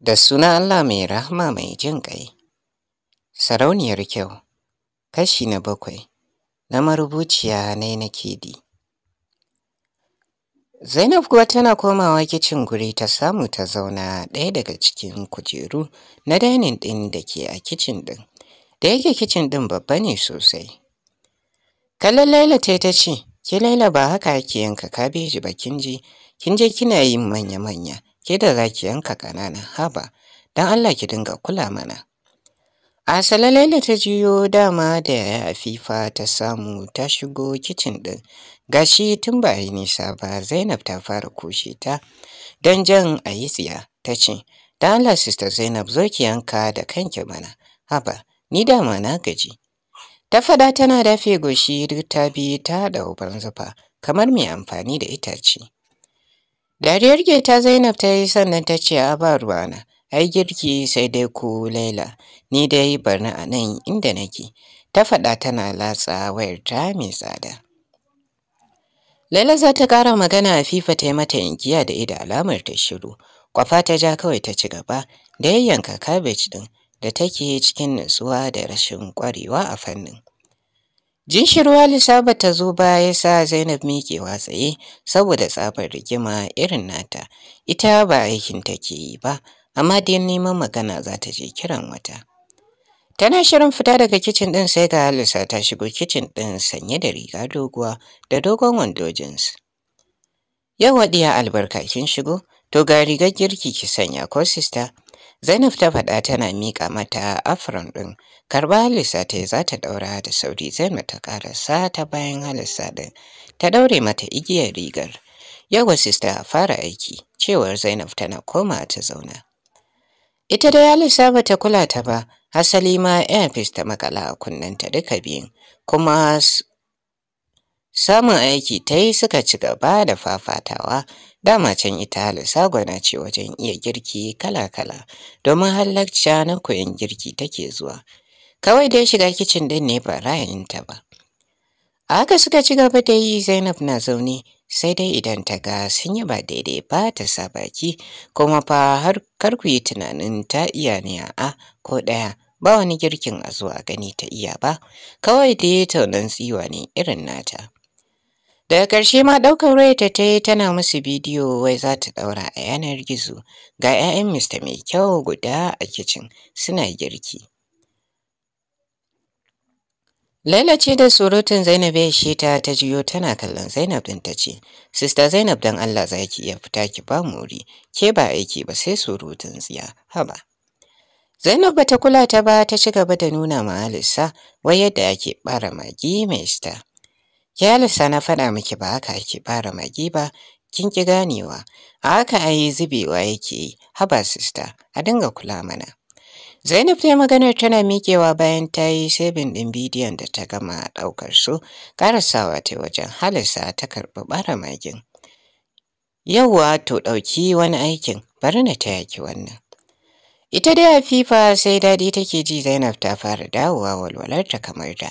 Da suna Allah mai rahama mai jin ƙai. Sarauniyar kyau, kashi na bakwai, na marubuciya na na kedi. Zainab kuwa tana komawa kicin guri ta samu ta zauna ɗaya daga cikin kujeru na dainin ɗin da ke a kicin ɗin, da yake kicin ɗin babba ne sosai. Kallon Laila ta ta ce, Ki Laila ba haka ake yanka kabeji ba kin kinje kin je kina yin manya-manya, ke da za ki yanka ƙananan haba, don Allah ki dinga kula mana. A salalaila ta jiyo dama da yaya Afifa ta samu ta shigo kicin ɗin, gashi tun ba yi nisa ba Zainab ta fara kushe ta, don jan a yi tsiya ta ce, Da Allah Sista Zainab zo ki yanka da kanki mana, haba, ni dama na gaji. Ta faɗa tana dafe goshi duk ta bi ta haɗa uban kamar mai amfani da itace. dariyar ta zainab ta yi sannan ta ce a ba ruwana ai girki sai dai ku laila ni dai barna a nan inda nake ta faɗa tana latsa wayar ta mai tsada laila za ta ƙara magana a fifa ta yi mata inkiya da ida alamar ta shiru kwafa ta ja kawai ta ci gaba da yayyanka kabej ɗin da take cikin nutsuwa da rashin ƙwarewa a fannin Jin shirwa ta zo ba ya sa Zainab miƙewa tsaye saboda tsabar rigima irin nata. Ita ba aikin take yi ba, amma dai neman magana za ta je kiran wata. Tana shirin fita daga kicin ɗin sai ga Halisa ta shigo kicin ɗin sanye da riga doguwa da dogon wando jeans. Yawa ɗiya albarka kin shigo, to ga rigar girki ki sanya ko sista Zainab ta faɗa tana miƙa mata afron ɗin. Karba Halisa ta yi za ta ɗaura da sauri Zainab ta ƙarasa ta bayan Halisa ɗin. Ta ɗaure mata igiyar rigar. Yawa sista a fara aiki, cewar Zainab tana koma ta zauna. Ita da Halisa ba ta kula ta ba, hasali ma ya ta makala a kunnenta duka biyun, kuma Samun aiki ta yi suka ci gaba da fafatawa, dama can ita gwana ce wajen iya girki kala-kala, domin halarci na koyon girki take zuwa. Kawai dai shiga kicin din ne ba ra'ayinta ba. A haka suka ci gaba da yi Zainab na zaune sai dai idan ta ga sun yi ba daidai ba ta sa baki kuma fa har karku yi tunanin ta iya ne a ko ɗaya ba wani girkin a zuwa gani ta iya ba kawai dai taunan tsiwa ne irin nata. daga ƙarshe ma ɗaukar wayarta ta yi tana musu bidiyo wai za ta ɗaura a yanar gizo ga 'ya'yan mista mai kyau guda a kicin suna girki Laila da surutun Zainab ya ishe ta ta jiyo tana kallon Zainab din ta ce, Sista Zainab don Allah za ki iya fita ki ba muri, ke ba aiki ba sai surutun tsiya, haba. Zainab bata kula ta ba ta ci gaba da nuna ma wai yadda ake bara magi mai sta. kyalisa na faɗa miki ba haka ake fara magi ba, kin ki ganewa. A haka ai zubewa yake yi, haba sista, a dinga kula mana. Zainab ta yi maganar tana miƙewa bayan ta yi sebin ɗin bidiyon da ta gama ɗaukar su, ƙarasawa ta wajen halisa ta karɓi ɓara magin. Yau to ɗauki wani aikin, bari na taya ki wannan. Ita dai Hafifa sai daɗi take ji Zainab ta fara dawowa walwalarta kamar da.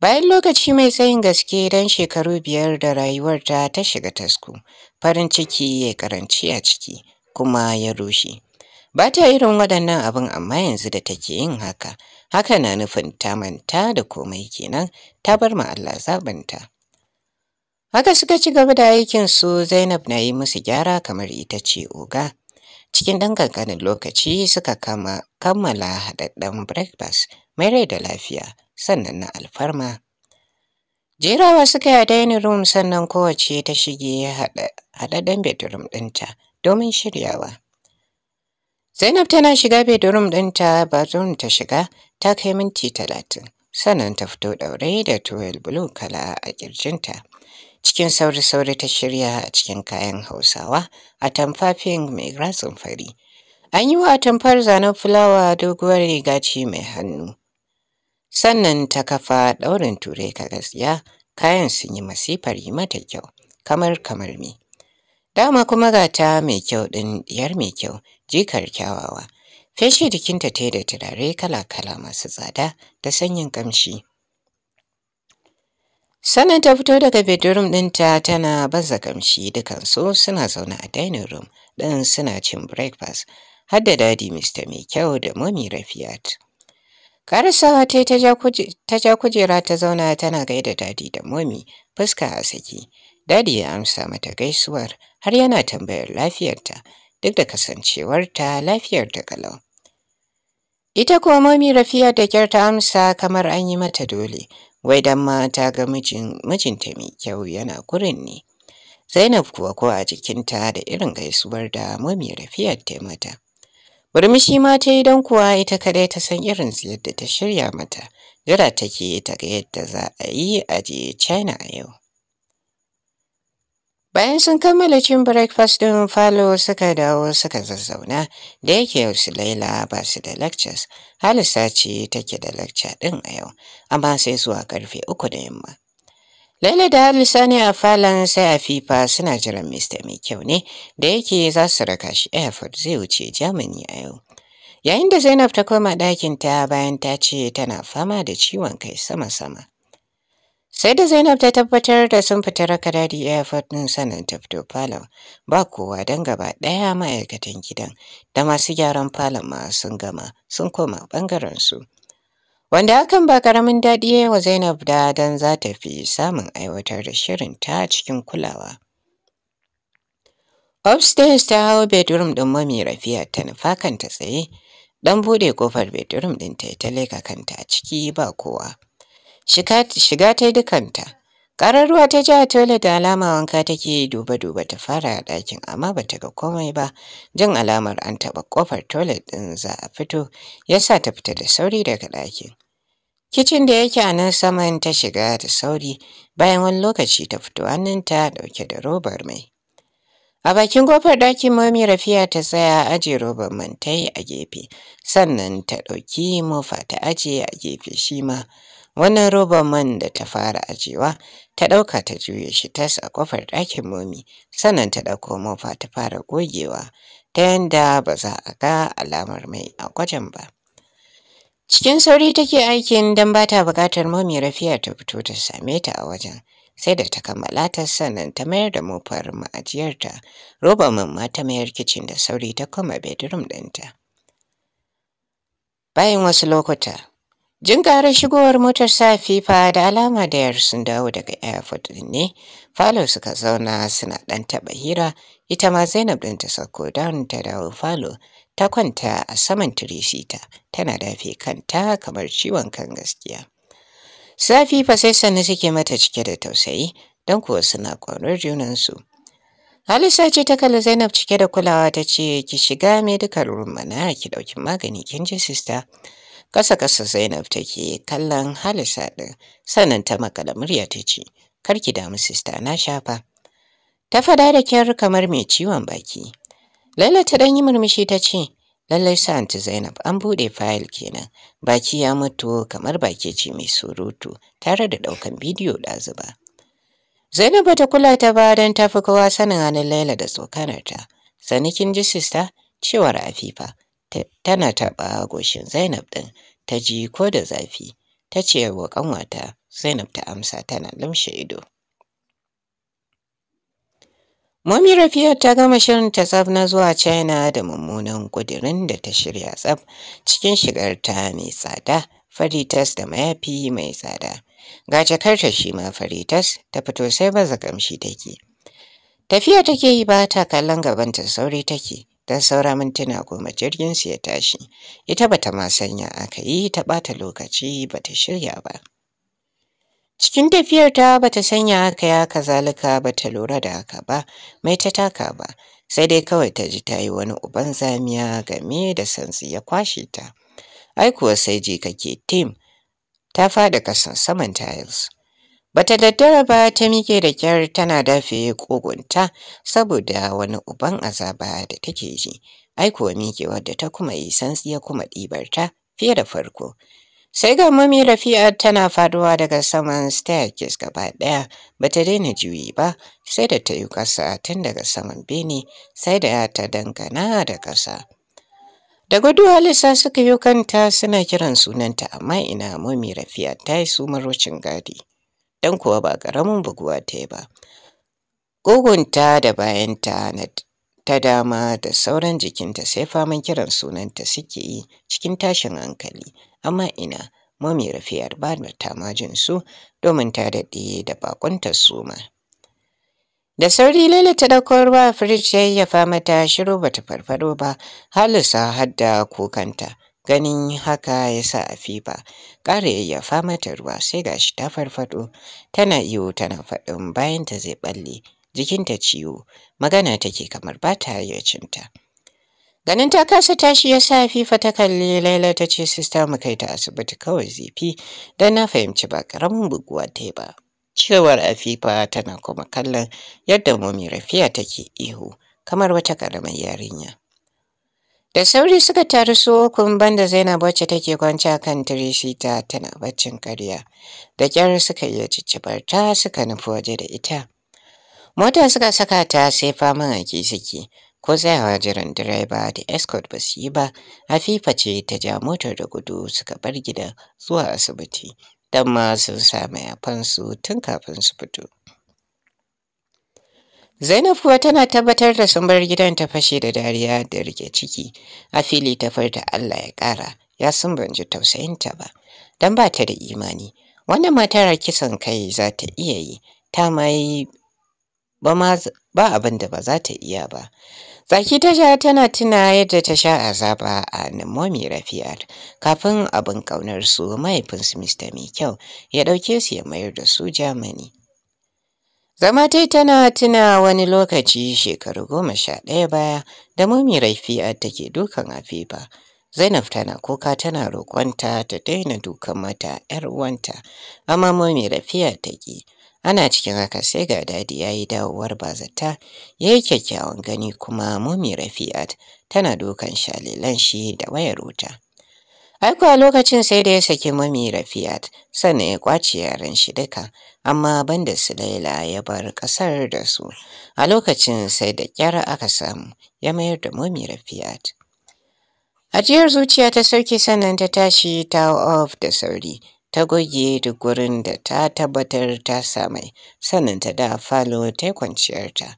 Bayan lokaci mai tsayin gaske don shekaru biyar da rayuwarta ta shiga tasku, farin ciki ya karanci a ciki kuma ya rushe. Ba ta irin waɗannan abin amma yanzu da take yin haka, haka na nufin ta manta da komai kenan ta bar ma Allah zaɓinta. Haka suka ci gaba da aikin su Zainab na yi musu gyara kamar ita ce oga. Cikin ɗan ƙanƙanin lokaci suka kammala haɗaɗɗen breakfast mai rai da lafiya. sannan na alfarma jerawa suka yi a dining room sannan kowace ta shige haɗaɗɗen bedroom ɗinta domin shiryawa zainab tana shiga bedroom ɗinta bathroom ta shiga ta kai minti talatin sannan ta fito ɗaure da tuwel blue kala a ƙirjinta cikin sauri-sauri ta shirya a cikin kayan hausawa a tamfafin mai ratsin fari an yi wa atamfar zanen fulawa doguwar riga ce mai hannu sannan ta kafa ɗaurin turai ka gaskiya kayan sun yi masifar yi mata kyau kamar kamar me dama kuma ga ta mai kyau ɗin diyar mai kyau jikar kyawawa Feshi jikinta ta da turare kala-kala masu tsada da sanyin kamshi sannan ta fito daga bedroom ɗinta tana baza kamshi dukansu suna zaune a dining room ɗin suna cin breakfast har da dadi mista mai kyau da mami rafiyat Karisawa ta ta ja kujera ta zauna tana gaida dadi da momi fuska a saki. Dadi ya amsa mata gaisuwar har yana tambayar lafiyarta duk da kasancewarta lafiyar ta kalau. Ita kuwa momi rafiya da kyar ta amsa kamar an yi mata dole, wai dan ma ta ga mijinta mai kyau yana kurin ne. Zainab kuwa ko a jikinta da irin gaisuwar da momi rafiyar ta mata. Murmushi ma ta yi don kuwa ita kadai ta san irin yadda ta shirya mata. Jira take ta ga yadda za a yi a je China a yau. Bayan sun kammala cin breakfast ɗin falo suka dawo suka zazzauna da yake yau su laila ba su da lectures. Halisa ce take da lecture ɗin a yau, amma sai zuwa karfe uku da yamma. Laila da Halisa Sani a falon sai a fifa suna jiran Mista mai kyau ne da yake za su raka shi airport zai wuce Germany a yau. Yayin da Zainab ta koma ta bayan ta ce tana fama da ciwon kai sama-sama. Sai da Zainab ta tabbatar da sun fita raka dadi airport ɗin sanin ta fito falon ba kowa don gaba ɗaya ma'aikatan gidan da masu gyaran falon ma sun gama sun koma ɓangaren su. wanda hakan ba karamin daɗi ya wa Zainab da dan za ta fi samun aiwatar da shirin ta cikin kulawa. Upstairs ta hau bedroom ɗin mami rafiya ta nufa kanta tsaye, ɗan buɗe ƙofar bedroom ɗin ta ta leka kanta a ciki ba kowa. Shiga ta yi dukanta, ƙarar ruwa ta ja tole da alama wanka take duba-duba ta fara a ɗakin amma ba ta ga komai ba, jin alamar an taɓa ƙofar toilet ɗin za a fito, ya sa ta fita da sauri daga ɗakin. Kicin da yake a nan saman ta shiga da sauri bayan wani lokaci ta fito ta ɗauke da robar mai. A bakin kofar ɗakin mami Rafiya ta tsaya aje robar man ta yi a gefe, sannan ta ɗauki mofa ta aje a gefe shi ma. Wannan robar man da ta fara ajewa ta ɗauka ta juye shi tas a kofar ɗakin momi, sannan ta ɗauko mofa ta fara gogewa ta yanda ba za a ga alamar mai a gwajin ba. Cikin sauri take aikin don ba ta buƙatar mami rafiya ta fito ta same ta a wajen. Sai da ta kammala ta sannan ta mayar da mofar ma'ajiyarta, roba ma ta mayar kicin da sauri ta koma bedroom ɗinta. Bayan wasu lokuta, Jin ƙarar shigowar motar fa da alama da yar sun dawo daga airport din ne, falo suka zauna suna ɗan taɓa hira, ita ma Zainab ɗin ta sauko down ta dawo falo ta kwanta a saman tiresita tana dafe kanta kamar ciwon kan gaskiya. Safi fa sai sannu suke mata cike da tausayi don kuwa suna kwanar junansu. Halisa ce ta kalli Zainab cike da kulawa ta ce ki shiga medical room mana ki ɗauki magani kin ji sista. Kasa kasa Zainab take kallon Halisa ɗin sannan ta makala murya ta ce kar ki damu sista na shafa. Ta faɗa da kyar kamar mai ciwon baki. Laila ta ɗan yi murmushi ta ce, Lallai sa anti Zainab an buɗe fayil kenan, baki ya mutu kamar baki ce mai surutu tare da ɗaukan bidiyo ɗazuba. Zainab ta kula ta ba don ta fi kowa sanin hannun Laila da tsokanarta. Sani kin ji sista cewar Afifa tana taɓa goshin Zainab ɗin ta ji ko da zafi ta ce wa ƙanwata Zainab ta amsa tana lamshe ido. Mami Rafiya ta gama shirin ta tsaf na zuwa China da mummunan kudirin da ta shirya tsaf cikin shigarta mai tsada, faritas da mayafi mai tsada. Ga jakarta shi ma faritas ta fito sai baza gamshi take. Tafiya take yi ba ta kallon gabanta sauri take. don saura mintuna goma jirgin su ya tashi ita ba ta ma sanya aka yi ta ɓata lokaci ba ta shirya ba Cikin tafiyarta ba ta sanya haka ya kazalika ba ta lura da haka ba, mai ta taka ba, sai dai kawai ta ji ta yi wani uban zamiya game da santsi ya kwashe ta. Ai kuwa sai ji kake tim, ta fada kasan saman tiles. Bata daddara ba ta mike da kyar tana dafe kogunta saboda wani uban azaba da take ji. Ai kuwa mikewar da ta kuma yi santsi ya kuma ɗibarta fiye da farko. sai ga mami rafi'a tana faduwa daga saman staircase gaba ɗaya ba ta daina juyi ba sai da ta yi ƙasa tun daga saman bene sai da ta dangana da ƙasa da gudu halisa suka yi kanta suna kiran sunanta amma ina mami rafi'a ta yi su marocin gadi don kuwa ba ƙaramin buguwa ta yi ba gugunta da bayanta ta dama da sauran jikinta sai faman kiran sunanta suke yi cikin tashin hankali amma ina mami rafiyar ba ta majin su domin ta daɗe da bakuntar suma. Da sauri lele ta ɗauko ruwa firij ya yayyafa mata shiru bata farfado ba halisa hadda kukanta ganin haka ya sa a fifa ƙara yayyafa mata ruwa sai gashi ta farfado tana iyo tana faɗin bayan ta zai ɓalle jikinta ciwo magana take kamar ba ta cinta ganin ta kasa tashi ya sa fifa ta kalli laila ta ce sista mu kai ta asibiti kawai zifi don na fahimci ba karamin buguwa ta ba cewar afifa tana kuma kallon yadda momi rafiya take ihu kamar wata karamar yarinya da sauri suka taru su ukun banda zainab wacce take kwanci a kan tirisita tana baccin karya da kyar suka iya ciccibar ta suka nufi waje da ita Mota suka saka ta sai faman rake suke, ko tsayawa jiran direba da escort ba su yi ba, Hafifa ce ta ja motar da gudu suka bar gida zuwa asibiti, don ma sun sami yafansu tun kafin su fito. Zainab kuwa tana tabbatar da sun bar gidan ta fashe da dariya da rike ciki, a fili ta farta Allah ya ƙara, ya sun tausayinta ba, don ba ta da imani. Wannan matar kisan kai za ta iya yi, ta ma yi ba abin da ba za ta iya ba. Zaki ta sha tana tuna yadda ta sha azaba a Namomi Rafi'at kafin abin ƙaunar su mahaifinsu Mr. Mai kyau ya ɗauke su ya mayar da su Germany. Zama tai tana tuna wani lokaci shekaru goma sha ɗaya baya da momi Rafi'at take dukan Afifa. Zainab tana kuka tana roƙonta ta daina dukan mata ‘yar uwanta, amma Mami Rafi'at ta ki. ana cikin haka sai ga dadi ya yi dawowar bazata ya yi kyakkyawan gani kuma momi rafi'at tana dokan shalilan shi da wayar wuta aiko a lokacin sai da ya saki momi rafi'at sannan ya kwace yaran shi duka amma banda su laila ya bar kasar da su a lokacin sai da kyara aka samu ya mayar da momi rafi'at Ajiyar zuciya ta sauke sannan ta tashi ta off da sauri ta goge duk gurin da ta tabbatar ta samai sannan ta da falo ta kwanciyarta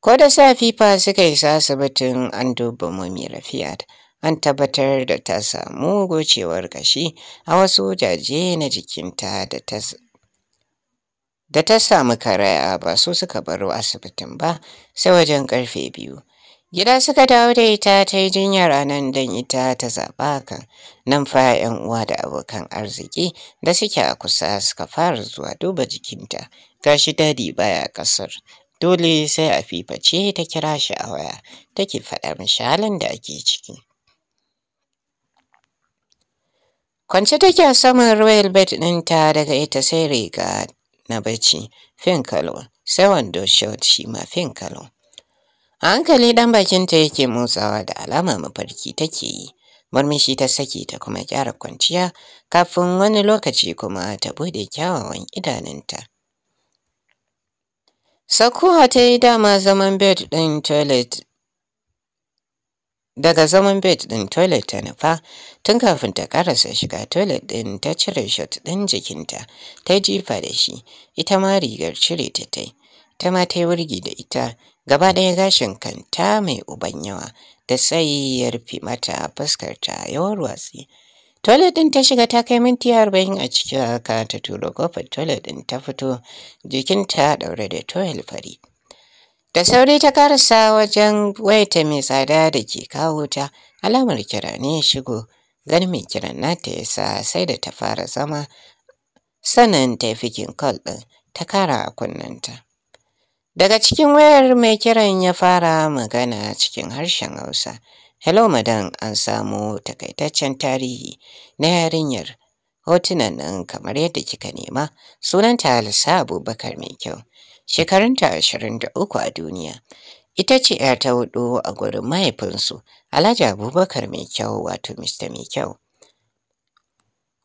ko da safi fa suka isa asibitin an duba mummy Rafiat, an tabbatar da ta samu gocewar kashi a wasu jaje na jikinta da ta da ta samu karaya ba su suka baro asibitin ba sai wajen karfe biyu Gida suka dawo da ita ta yi jinyar a nan don ita ta zaɓa kan nan fa ‘yan uwa da abokan arziki da suke a kusa suka fara zuwa duba jikinta. shi dadi baya ƙasar, dole sai a fiface ta kira shi a waya take faɗa mishi halin da ake ciki. Kwance take a saman royal bed ɗinta daga ita sai riga na bacci fin kalon sai wando shot shi ma fin kalon. A hankali ɗan bakinta yake motsawa da alama mafarki take yi. Murmushi ta sake ta kuma kyara kwanciya kafin wani lokaci kuma ta bude kyawawan idanunta. Sakuwa ta yi dama zaman bed ɗin toilet daga zaman bed ɗin toilet ta nufa tun kafin ta karasa shiga toilet ɗin ta cire shot ɗin jikinta ta jifa da shi ita ma rigar cire ta tai ta ma ta yi wurgi da ita gaba ɗaya gashin kanta mai uban yawa da tsayi ya rufe mata fuskarta yawar watsi. Toilet ɗin ta shiga ta kai minti arba'in a cikin haka ta turo kofar toilet ɗin ta fito jikinta ɗaure da toyel fari. Da sauri ta karasa wajen waita mai tsada da ke kawo ta alamar kira ne ya shigo ganin mai kiran nata ya sa sai da ta fara zama sannan ta yi fikin kol ɗin ta kara a kunnenta. Daga cikin wayar mai kiran ya fara magana cikin harshen Hausa. Hello madam an samu takaitaccen tarihi na yarinyar hotunan nan kamar yadda kika nema sunanta Halisa Abubakar mai kyau. Shekarunta uku a duniya. Ita ce ‘ya ta hudu a gurin mahaifinsu Alhaji Abubakar mai kyau wato Mr. mai kyau.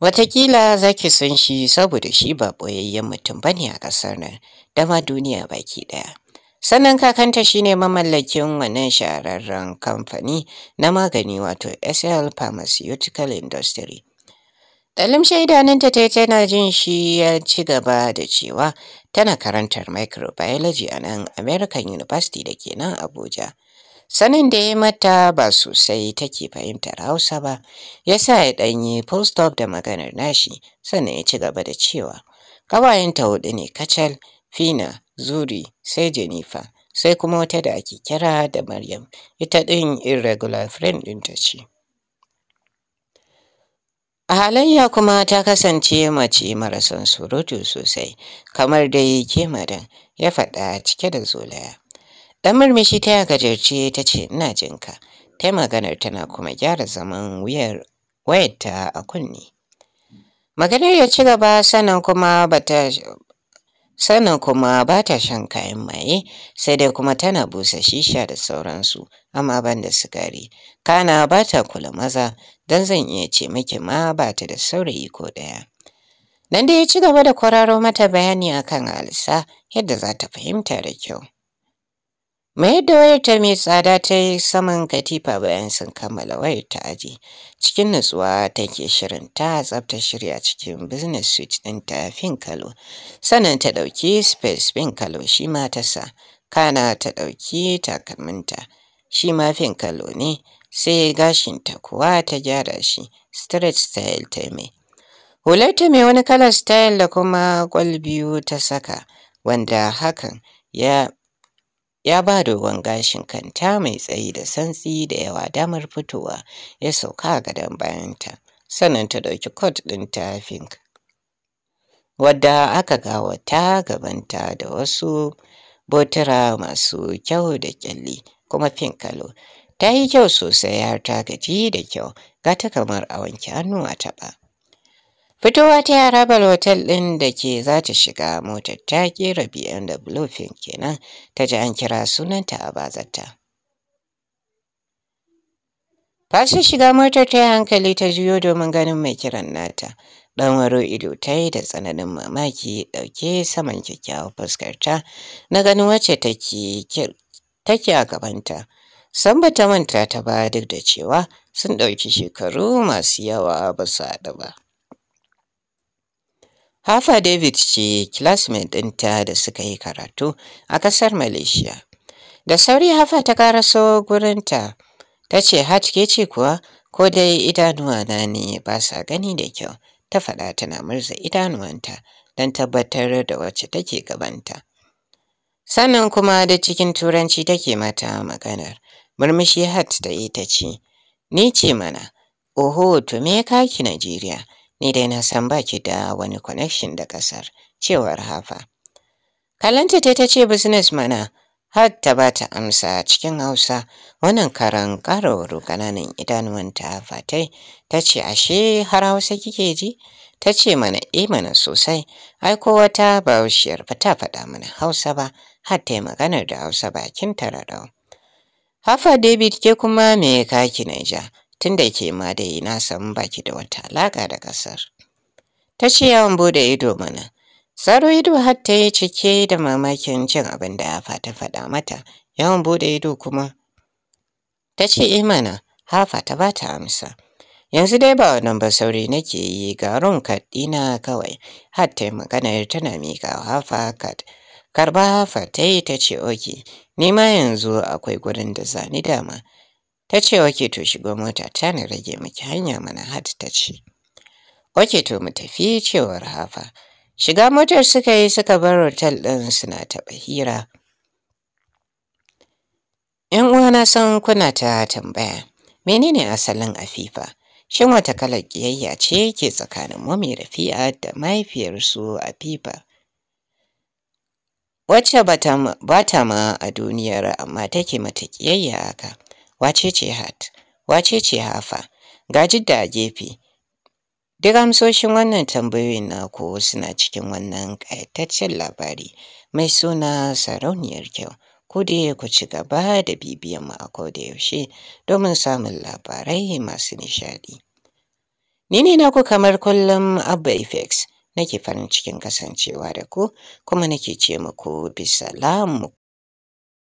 Wataƙila zaki ki san shi saboda shi ba ɓoyayyen mutum ba ne a ƙasar nan, dama duniya baki ɗaya. Sannan kakanta shi ne mamallakin wannan shahararren kamfani na magani wato SL Pharmaceutical Industry. Ɗalim shaidaninta ta yi tana jin shi ya ci gaba da cewa tana karantar microbiology a nan American University da ke nan Abuja. sanin da ya mata ba sosai take fahimtar hausa ba ya sa ya ɗanyi full stop da maganar nashi sannan ya ci gaba da cewa ƙawayenta huɗu ne kacal fina zuri sai jenifa, sai kuma wata da ake kira da Maryam, ita ɗin irregular friend ɗinta ce. A halayya kuma ta kasance mace mara son surutu sosai, kamar dai ke ya faɗa cike da zolaya. Dan murmushi ta ya gajarce ta ce ina jinka. Ta yi maganar tana kuma gyara zaman wuyar wayarta a kunne. Maganar ya ci gaba sannan kuma bata ba ta shan kayan maye sai dai kuma tana busa shisha da sauransu amma ban da sigari kana ba ta kula maza don zan iya ce miki ma ba ta da saurayi ko ɗaya nan da ya ci gaba da kwararo mata bayani akan alsa yadda za ta fahimta da kyau Mai da wayarta mai tsada ta yi saman katifa bayan sun kammala wayar ta aji. Cikin nutsuwa take shirin ta tsabta shirya cikin business suit ɗin ta fin kalo. Sannan ta ɗauki space kalo shi ma ta sa. Kana ta ɗauki takalminta shi ma fin kalo ne. Sai gashinta kuwa ta gyara shi Street style ta mai. ta mai wani kalar style da kuma kwal biyu ta saka wanda hakan ya ya ba dogon gashin kanta mai tsayi da santsi da yawa damar fitowa ya sauka a gadon bayanta sannan ta ɗauki kot ɗin ta fink wadda aka gawata gabanta da wasu botura masu kyau da kyalli kuma finkalo kalo ta yi kyau sosai har ta gaji da kyau ga ta kamar a wanke hannu a taɓa Fitowa ta yara bal hotel ɗin da ke za ta shiga motar ta kera BMW fin kenan ta ji an kira sunanta a bazarta. Fashin shiga motar ta yi hankali ta juyo domin ganin mai kiran nata. Ɗan waro ido ta yi da tsananin mamaki ɗauke saman kyakkyawar fuskarta na ganin wacce take a gabanta. San ta manta ta ba duk da cewa sun ɗauki shekaru masu yawa ba su haɗu ba. Hafa David ce classmate ɗinta da suka yi karatu a ƙasar Malaysia. Da sauri Hafa ta karaso gurinta, ta ce hat ke ce kuwa ko dai idanuwa na ne ba sa gani da kyau, ta faɗa tana murza idanuwanta don tabbatar da wacce take gabanta. Sannan kuma da cikin turanci take mata maganar, murmushi hat da ita ce, Ni ce mana, oho to me kaki Najeriya?' Ni dai na san baki da wani connection da ƙasar, cewar Hafa. Kalanta ta ce business mana, har ta ba ta amsa cikin Hausa, wannan karan ƙararru ƙananan idanuwanta fatai, ta ce ashe har Hausa kike ji? Ta ce mana e mana sosai, ai ko wata baushiyar ba ta faɗa mana Hausa ba, har ta yi maganar da Hausa bakin tararau. Hafa David ke kuma me kaki Naija, tunda ke ma dai na san baki da wata alaƙa da ƙasar. Ta ce yawan bude ido mana, Saro ido har ta yi cike da mamakin cin abin da ya ta faɗa mata, yawan bude ido kuma. Ta ce imana, eh Hafa ta ba ta amsa. Yanzu dai ba wannan ba sauri nake yi ga ron kaɗina kawai, har ta yi maganar tana miƙa Hafa kad. Karba Hafa ta yi ta ce oke, ni ma yanzu akwai gurin da zani dama. ta ce wake to shigo mota ta na rage miki hanya mana hat ta ce wake to mu tafi cewar hafa shiga motar suka yi suka bar hotel ɗin suna taɓa hira yan uwana san kuna ta tambaya menene asalin afifa shin wata kalar ƙiyayya ce ke tsakanin mami rafi'a da mahaifiyarsu afifa wacce ba ta ma a duniyar amma take mata kiyayya haka wace ce hat wace ce hafa ga jidda a gefe duk amsoshin wannan tambayoyin naku suna cikin wannan ƙayataccen labari mai suna sarauniyar kyau ku da ku ci gaba da bibiyan mu a koda yaushe domin samun labarai masu nishaɗi ni ne naku kamar kullum abba effects nake farin cikin kasancewa da ku kuma nake ce muku bisalamu